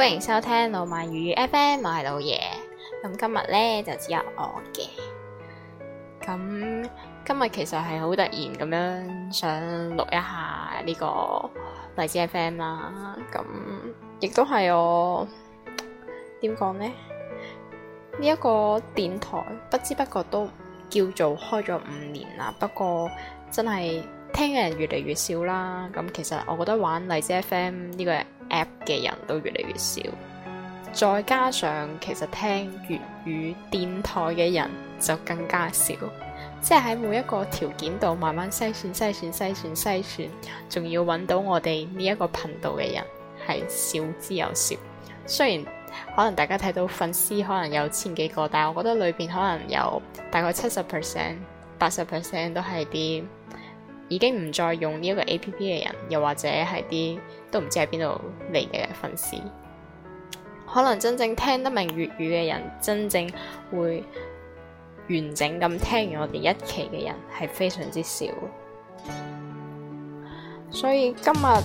歡迎收聽老萬語 FM，我係老爺。咁今日咧，就只有我嘅。咁今日其實係好突然咁樣想錄一下呢個荔枝 FM 啦。咁亦都係，我點講咧？呢一個電台不知不覺都叫做開咗五年啦。不過真係聽嘅人越嚟越少啦。咁其實我覺得玩荔枝 FM 呢個。app 嘅人都越嚟越少，再加上其實聽粵語電台嘅人就更加少，即係喺每一個條件度慢慢篩選篩選篩選篩選，仲要揾到我哋呢一個頻道嘅人係少之又少。雖然可能大家睇到粉絲可能有千幾個，但係我覺得裏邊可能有大概七十 percent、八十 percent 都係啲，已經唔再用呢一個 APP 嘅人，又或者係啲都唔知喺邊度嚟嘅粉絲，可能真正聽得明粵語嘅人，真正會完整咁聽完我哋一期嘅人，係非常之少。所以今日，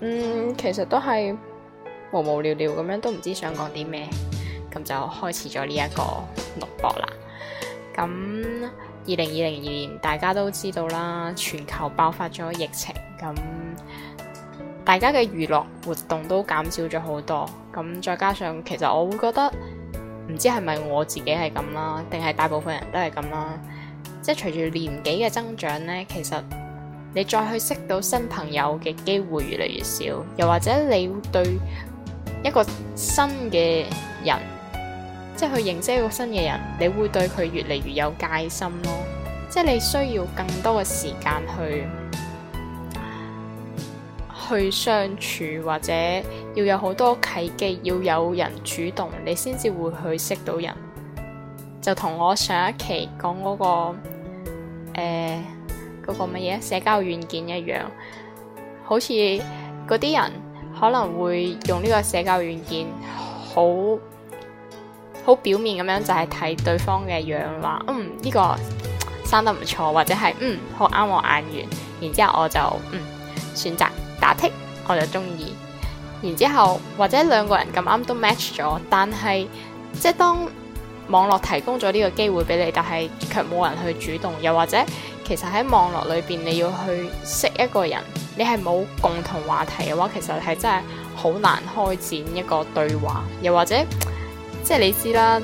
嗯，其實都係無無聊聊咁樣，都唔知想講啲咩，咁就開始咗呢一個錄播啦。咁二零二零年，大家都知道啦，全球爆發咗疫情，咁大家嘅娛樂活動都減少咗好多。咁再加上，其實我會覺得，唔知係咪我自己係咁啦，定係大部分人都係咁啦。即係隨住年紀嘅增長呢，其實你再去識到新朋友嘅機會越嚟越少，又或者你對一個新嘅人。即係去認識一個新嘅人，你會對佢越嚟越有戒心咯。即係你需要更多嘅時間去去相處，或者要有好多契機，要有人主動，你先至會去識到人。就同我上一期講嗰個誒，嗰個乜嘢社交軟件一樣，好似嗰啲人可能會用呢個社交軟件好。好表面咁樣就係、是，睇對方嘅樣話，嗯呢，這個生得唔錯，或者係嗯好啱我眼緣，然之後我就嗯選擇打剔，我就中意。然之後或者兩個人咁啱都 match 咗，但係即係當網絡提供咗呢個機會俾你，但係卻冇人去主動，又或者其實喺網絡裏邊你要去識一個人，你係冇共同話題嘅話，其實係真係好難開展一個對話，又或者。即係你知啦，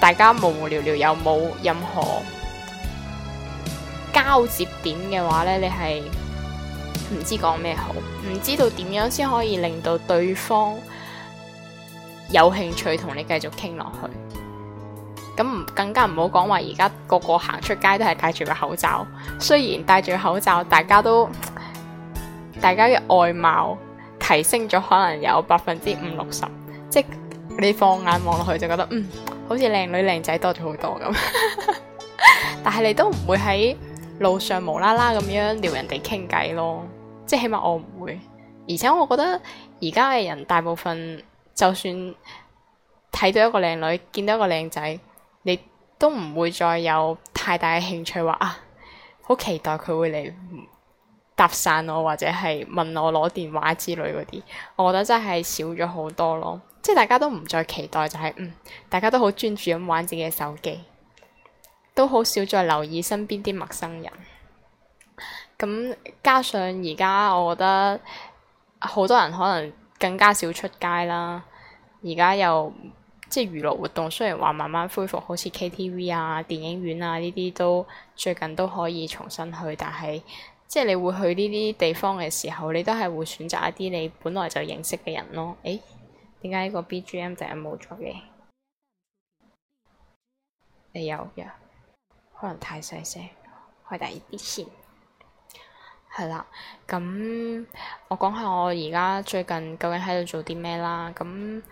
大家無無聊聊又冇任何交接點嘅話咧，你係唔知講咩好，唔知道點樣先可以令到對方有興趣同你繼續傾落去。咁更加唔好講話，而家個個行出街都係戴住個口罩。雖然戴住口罩，大家都大家嘅外貌提升咗，可能有百分之五六十，即你放眼望落去就覺得，嗯，好似靚女靚仔多咗好多咁， 但係你都唔會喺路上無啦啦咁樣撩人哋傾偈咯，即係起碼我唔會，而且我覺得而家嘅人大部分就算睇到一個靚女，見到一個靚仔，你都唔會再有太大嘅興趣話啊，好期待佢會嚟搭訕我，或者係問我攞電話之類嗰啲，我覺得真係少咗好多咯。即係大家都唔再期待，就係、是、嗯，大家都好專注咁玩自己嘅手機，都好少再留意身邊啲陌生人。咁加上而家，我覺得好多人可能更加少出街啦。而家又即係娛樂活動，雖然話慢慢恢復，好似 KTV 啊、電影院啊呢啲都最近都可以重新去，但係即係你會去呢啲地方嘅時候，你都係會選擇一啲你本來就認識嘅人咯。誒、欸。點解呢個 BGM 就係冇咗嘅？你有嘅，可能太細聲，開大啲先。係啦，咁我講下我而家最近究竟喺度做啲咩啦？咁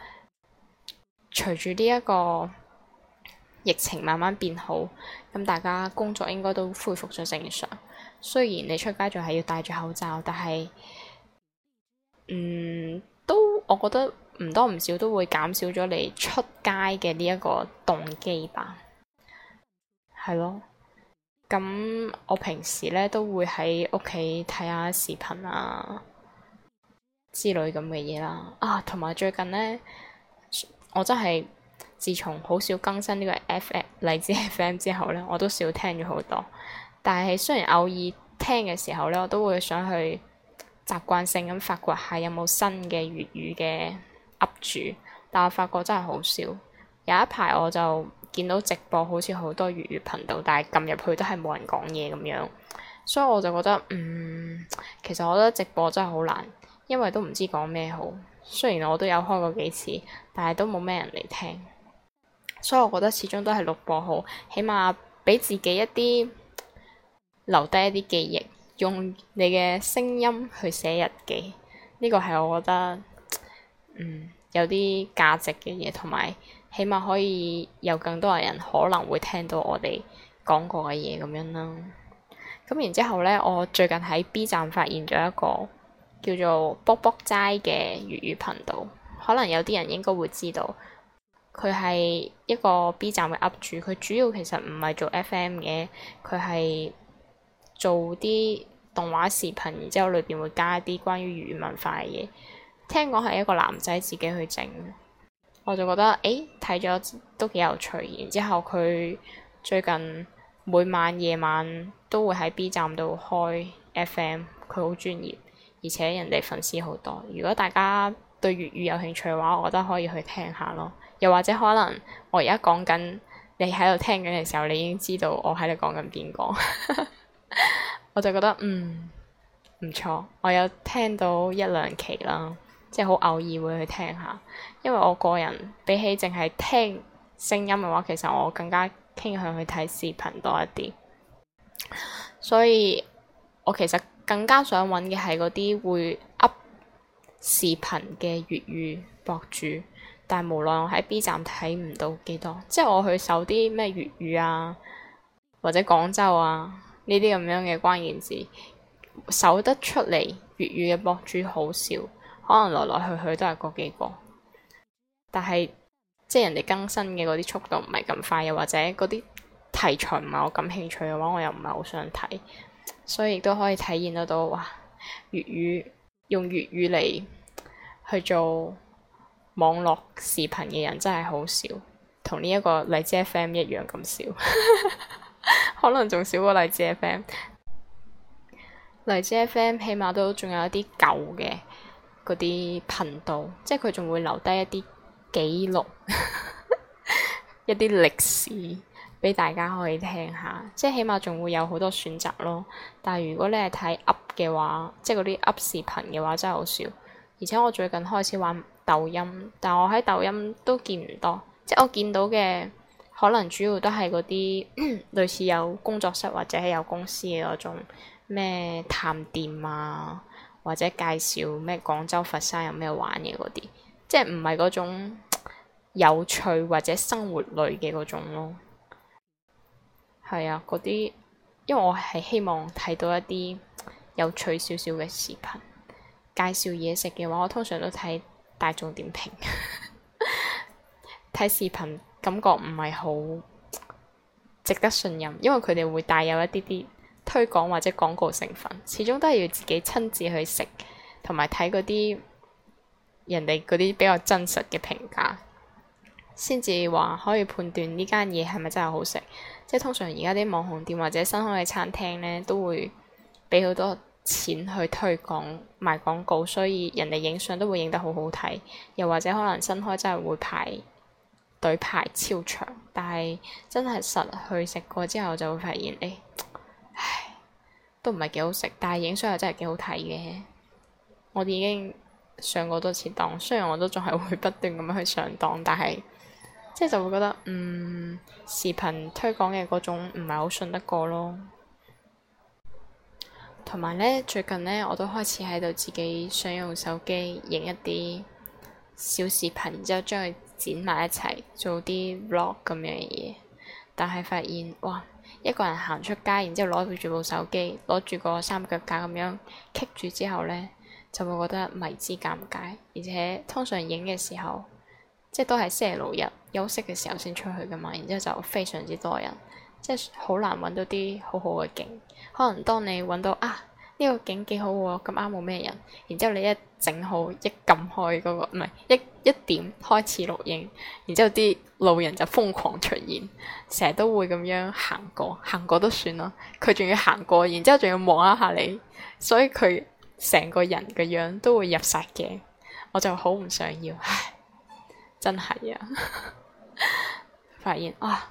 隨住呢一個疫情慢慢變好，咁大家工作應該都恢復咗正常。雖然你出街仲係要戴住口罩，但係嗯都我覺得。唔多唔少都會減少咗你出街嘅呢一個動機吧，係咯。咁我平時咧都會喺屋企睇下視頻啊之類咁嘅嘢啦。啊，同埋最近咧，我真係自從好少更新呢個 FM 荔枝 FM 之後咧，我都少聽咗好多。但係雖然偶爾聽嘅時候咧，我都會想去習慣性咁發掘下有冇新嘅粵語嘅。住，但我發覺真係好少。有一排我就見到直播，好似好多粵語頻道，但係撳入去都係冇人講嘢咁樣。所以我就覺得，嗯，其實我覺得直播真係好難，因為都唔知講咩好。雖然我都有開過幾次，但係都冇咩人嚟聽。所以我覺得始終都係錄播好，起碼俾自己一啲留低一啲記憶，用你嘅聲音去寫日記。呢個係我覺得。嗯，有啲價值嘅嘢，同埋起碼可以有更多人可能會聽到我哋講過嘅嘢咁樣啦。咁然之後呢，我最近喺 B 站發現咗一個叫做卜卜齋嘅粵語頻道，可能有啲人應該會知道佢係一個 B 站嘅 up 主，佢主要其實唔係做 FM 嘅，佢係做啲動畫視頻，然之後裏邊會加一啲關於粵語文化嘅嘢。聽講係一個男仔自己去整，我就覺得誒睇咗都幾有趣。然之後佢最近每晚夜晚都會喺 B 站度開 FM，佢好專業，而且人哋粉絲好多。如果大家對粵語有興趣嘅話，我覺得可以去聽下咯。又或者可能我而家講緊你喺度聽緊嘅時候，你已經知道我喺度講緊邊個， 我就覺得嗯唔錯。我有聽到一兩期啦。即係好偶爾會去聽下，因為我個人比起淨係聽聲音嘅話，其實我更加傾向去睇視頻多一啲。所以，我其實更加想揾嘅係嗰啲會 Up 視頻嘅粵語博主。但係無奈我喺 B 站睇唔到幾多，即係我去搜啲咩粵語啊或者廣州啊呢啲咁樣嘅關鍵字，搜得出嚟粵語嘅博主好少。可能來來去去都係嗰幾個，但係即係人哋更新嘅嗰啲速度唔係咁快，又或者嗰啲題材唔係我感興趣嘅話，我又唔係好想睇，所以亦都可以體現得到哇！粵語用粵語嚟去做網絡視頻嘅人真係好少，同呢一個荔枝 FM 一樣咁少， 可能仲少過荔枝 FM。 荔枝 FM 起碼都仲有一啲舊嘅。嗰啲頻道，即係佢仲會留低一啲記錄， 一啲歷史畀大家可以聽下，即係起碼仲會有好多選擇咯。但係如果你係睇 Up 嘅話，即係嗰啲 Up 視頻嘅話，真係好少。而且我最近開始玩抖音，但我喺抖音都見唔多，即係我見到嘅可能主要都係嗰啲類似有工作室或者係有公司嘅嗰種咩探店啊。或者介紹咩廣州、佛山有咩玩嘅嗰啲，即係唔係嗰種有趣或者生活類嘅嗰種咯。係啊，嗰啲因為我係希望睇到一啲有趣少少嘅視頻。介紹嘢食嘅話，我通常都睇大眾點評。睇 視頻感覺唔係好值得信任，因為佢哋會帶有一啲啲。推廣或者廣告成分，始終都係要自己親自去食，同埋睇嗰啲人哋嗰啲比較真實嘅評價，先至話可以判斷呢間嘢係咪真係好食。即係通常而家啲網紅店或者新開嘅餐廳咧，都會俾好多錢去推廣賣廣告，所以人哋影相都會影得好好睇。又或者可能新開真係會排隊排超長，但係真係實去食過之後就會發現，誒、哎。都唔係幾好食，但係影相又真係幾好睇嘅。我哋已經上過多次當，雖然我都仲係會不斷咁樣去上當，但係即係就會覺得嗯，視頻推廣嘅嗰種唔係好信得過咯。同埋呢，最近呢，我都開始喺度自己想用手機影一啲小視頻，然之後將佢剪埋一齊做啲 vlog 咁樣嘢，但係發現哇～一個人行出街，然之後攞住部手機，攞住個三腳架咁樣，棘住之後咧，就會覺得迷之尷尬，而且通常影嘅時候，即係都係星期六日休息嘅時候先出去噶嘛，然之後就非常之多人，即係好難揾到啲好好嘅景，可能當你揾到啊～呢個景幾好喎，咁啱冇咩人。然之後你一整好，一撳開嗰個，唔係一一點開始錄影。然之後啲路人就瘋狂出現，成日都會咁樣行過，行過都算咯。佢仲要行過，然之後仲要望一下你，所以佢成個人嘅樣都會入曬鏡。我就好唔想要，唉，真係呀，發現啊，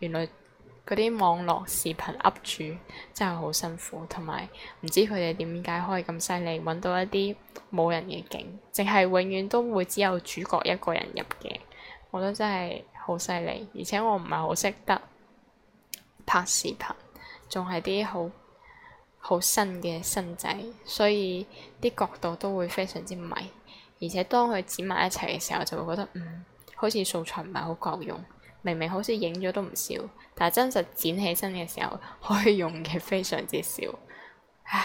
原來。嗰啲網絡視頻 up 主真係好辛苦，同埋唔知佢哋點解可以咁犀利，揾到一啲冇人嘅景，淨係永遠都會只有主角一個人入鏡，我覺得真係好犀利。而且我唔係好識得拍視頻，仲係啲好好新嘅新仔，所以啲角度都會非常之迷。而且當佢剪埋一齊嘅時候，就會覺得嗯，好似素材唔係好夠用。明明好似影咗都唔少，但係真實剪起身嘅時候可以用嘅非常之少，唉，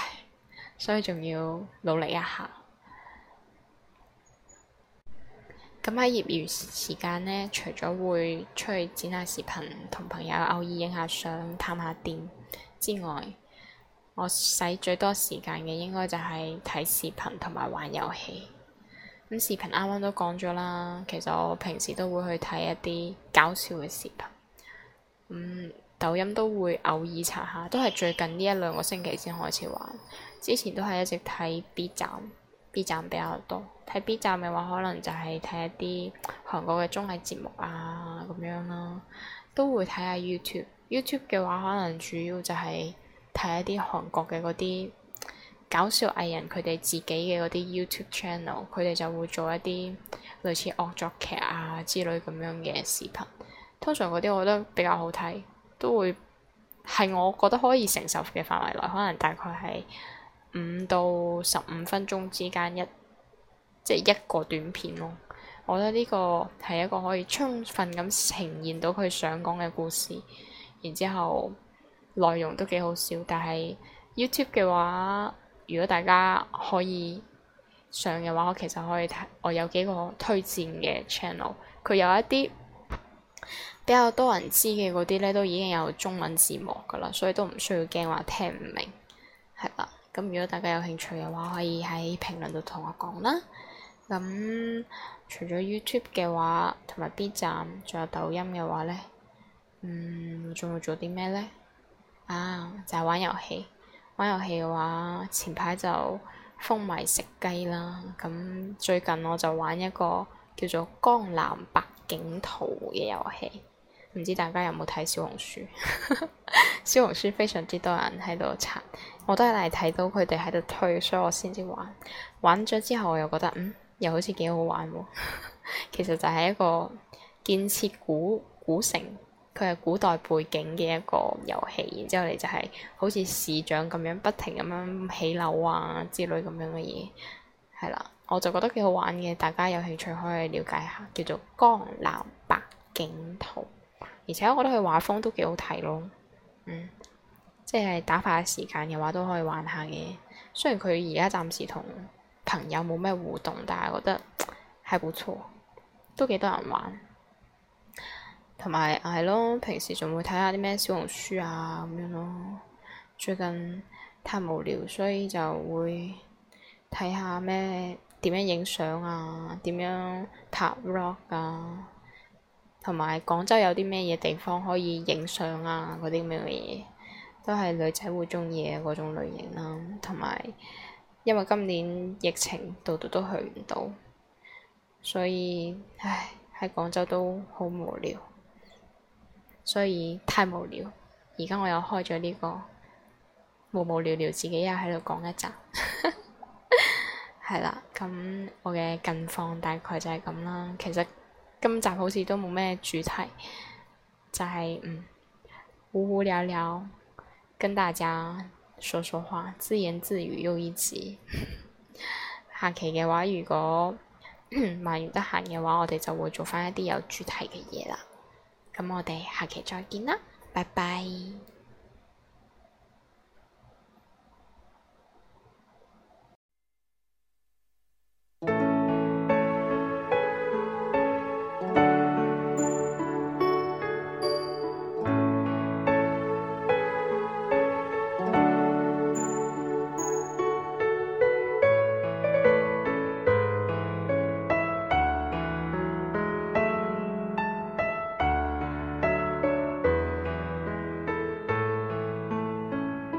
所以仲要努力一下。咁喺業餘時間呢，除咗會出去剪下視頻、同朋友偶爾影下相、探下店之外，我使最多時間嘅應該就係睇視頻同埋玩遊戲。咁視頻啱啱都講咗啦，其實我平時都會去睇一啲搞笑嘅視頻，咁、嗯、抖音都會偶爾查下，都係最近呢一兩個星期先開始玩，之前都係一直睇 B 站，B 站比較多。睇 B 站嘅話，可能就係睇一啲韓國嘅綜藝節目啊咁樣啦、啊，都會睇下 YouTube。YouTube。YouTube 嘅話，可能主要就係睇一啲韓國嘅嗰啲。搞笑藝人佢哋自己嘅嗰啲 YouTube channel，佢哋就會做一啲類似惡作劇啊之類咁樣嘅視頻。通常嗰啲我覺得比較好睇，都會係我覺得可以承受嘅範圍內，可能大概係五到十五分鐘之間一，即係一個短片咯。我覺得呢個係一個可以充分咁呈現到佢想講嘅故事，然之後內容都幾好笑，但係 YouTube 嘅話，如果大家可以上嘅話，我其實可以睇我有幾個推薦嘅 channel，佢有一啲比較多人知嘅嗰啲咧，都已經有中文字幕噶啦，所以都唔需要驚話聽唔明，係啦。咁如果大家有興趣嘅話可以喺評論度同我講啦。咁除咗 YouTube 嘅話同埋 B 站，仲有抖音嘅話咧，嗯，仲會做啲咩咧？啊，就係、是、玩遊戲。玩遊戲嘅話，前排就風迷食雞啦。咁最近我就玩一個叫做《江南百景圖》嘅遊戲，唔知大家有冇睇小紅書？ 小紅書非常之多人喺度刷，我都係睇到佢哋喺度推，所以我先至玩。玩咗之後，我又覺得，嗯，又好似幾好玩喎。 其實就係一個建設古古城。佢係古代背景嘅一個遊戲，然之後你就係好似市長咁樣不停咁樣起樓啊之類咁樣嘅嘢，係啦，我就覺得幾好玩嘅，大家有興趣可以了解下，叫做《江南百景圖》，而且我覺得佢畫風都幾好睇咯，嗯，即係打發時間嘅話都可以玩下嘅。雖然佢而家暫時同朋友冇咩互動，但係覺得係唔錯，都幾多人玩。同埋係咯，平時仲會睇下啲咩小紅書啊咁樣咯。最近太無聊，所以就會睇下咩點樣影相啊，點樣拍 vlog 啊，同埋廣州有啲咩嘢地方可以影相啊嗰啲咁嘅嘢，都係女仔會鍾意嘅嗰種類型啦，啊。同埋因為今年疫情，度度都去唔到，所以唉，喺廣州都好無聊。所以太無聊，而家我又開咗呢、這個無無聊聊，自己又喺度講一集，係 啦。咁我嘅近況大概就係咁啦。其實今集好似都冇咩主題，就係、是、嗯無無聊聊，跟大家說說話，自言自語又一集。 下期嘅話，如果萬如得閒嘅話，我哋就會做翻一啲有主題嘅嘢啦。咁我哋下期再見啦，拜拜。